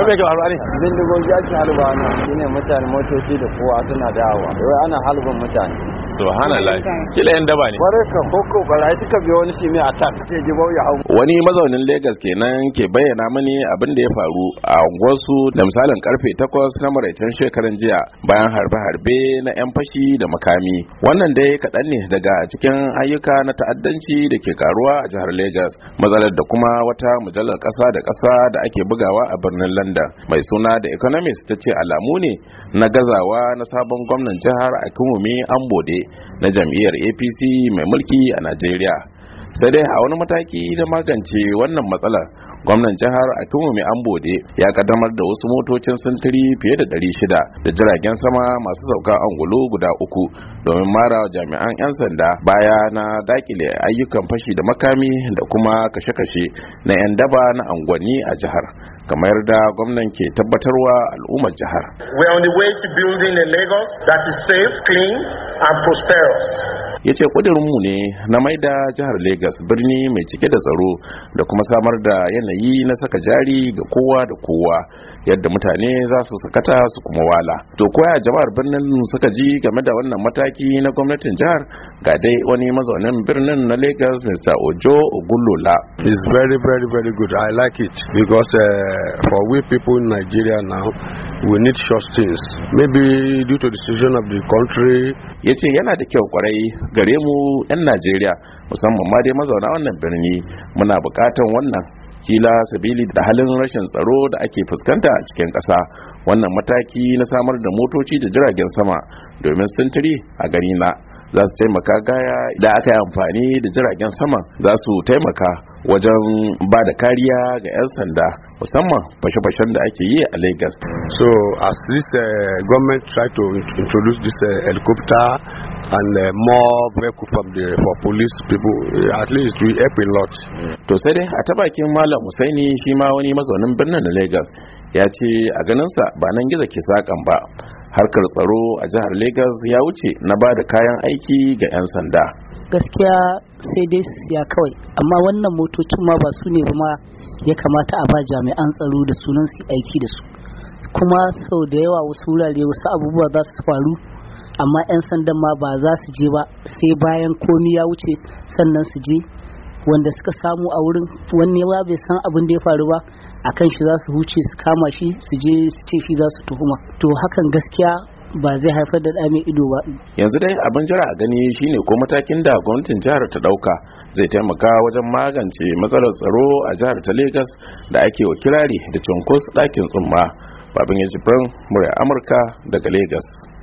wai me ke faruwa ne bindigogi ake halba ne shine mutane motoci da kowa suna dawowa wai ana halbin mutane subhanallah kila yan daba ne wani ke jibo mazaunin Lagos kenan ke bayyana mani abin da ya faru a unguwarsu da misalin karfe 8 na maraicen shekaran jiya bayan harbe-harbe na yan fashi da makami wannan dai kaɗan ne daga cikin ayyuka na ta'addanci da ke karuwa a jihar Lagos matsalar da kuma wata mujallar ƙasa da ƙasa da ake bugawa a birnin London mai suna da Economist ta ce alamu ne na gazawa na sabon gwamnan jihar Akinwumi Ambode na jam'iyyar apc mai mulki a najeriya sai dai a wani mataki da magance wannan matsalar gwamnan jihar akinwumi ambode ya kaddamar da wasu motocin sintiri fiye da 600 da jiragen sama masu sauka angulo guda uku domin mara jami'an 'yan sanda baya na dakile ayyukan fashi da makami da kuma kashe-kashe na 'yan daba na angwani a jihar kamar da gwamnan ke tabbatarwa al'ummar jihar. We are on the way to building a Lagos that is safe, clean and prosperous. ya ce mu ne na maida jihar Legas birni mai cike da tsaro da kuma samar da yanayi na saka jari ga kowa da kowa yadda mutane za su sakata su kuma wala to koya jama'ar birnin suka ji game da wannan mataki na gwamnatin jihar ga dai wani mazaunin birnin na Legas Mr. Ojo ogunlola is very very very good I like it because uh, for we people in Nigeria now we need short things maybe due to the situation of the country ya ce yana da kyau kwarai gare mu 'yan najeriya musamman ma dai mazauna wannan birni muna bukatan wannan kila sabili da halin rashin tsaro da ake fuskanta a cikin ƙasa wannan mataki na samar da motoci da jiragen sama domin sintiri a gari na za su taimaka gaya da aka yi amfani da jiragen sama za su taimaka wajen ba da kariya ga 'yan sanda musamman fashe-fashen da ake yi a lagos so as this uh, government try to introduce this uh, helicopter and uh, more vehicle from the for police people at least we help a lot to sai dai a tabakin malam husaini shi ma wani mazaunin birnin lagos ya ce a ganinsa ba nan gizo ke sakan ba harkar tsaro a jihar lagos ya wuce na ba da kayan aiki ga 'yan sanda gaskiya sai dai su siya kawai amma wannan motocin ma ba su ne ba ya kamata a ba jami'an tsaro da sunan su aiki da su kuma sau da yawa wasu wurare wasu abubuwa za su faru amma 'yan sandan ma ba za su je ba sai bayan komi ya wuce sannan su je wanda suka samu a wurin wani ba bai san abin da ya faru ba a kan shi za su huce su kama shi su je su ce shi za su tuhuma to hakan gaskiya ba zai haifar da mai ido ba yanzu dai abin jira a gani shine ko matakin da gwamnatin jihar ta dauka zai taimaka wajen magance matsalar tsaro a jihar ta Legas da ake wa kirari da cunkos ɗakin tsumma babin ya jibrin murya amurka daga Legas.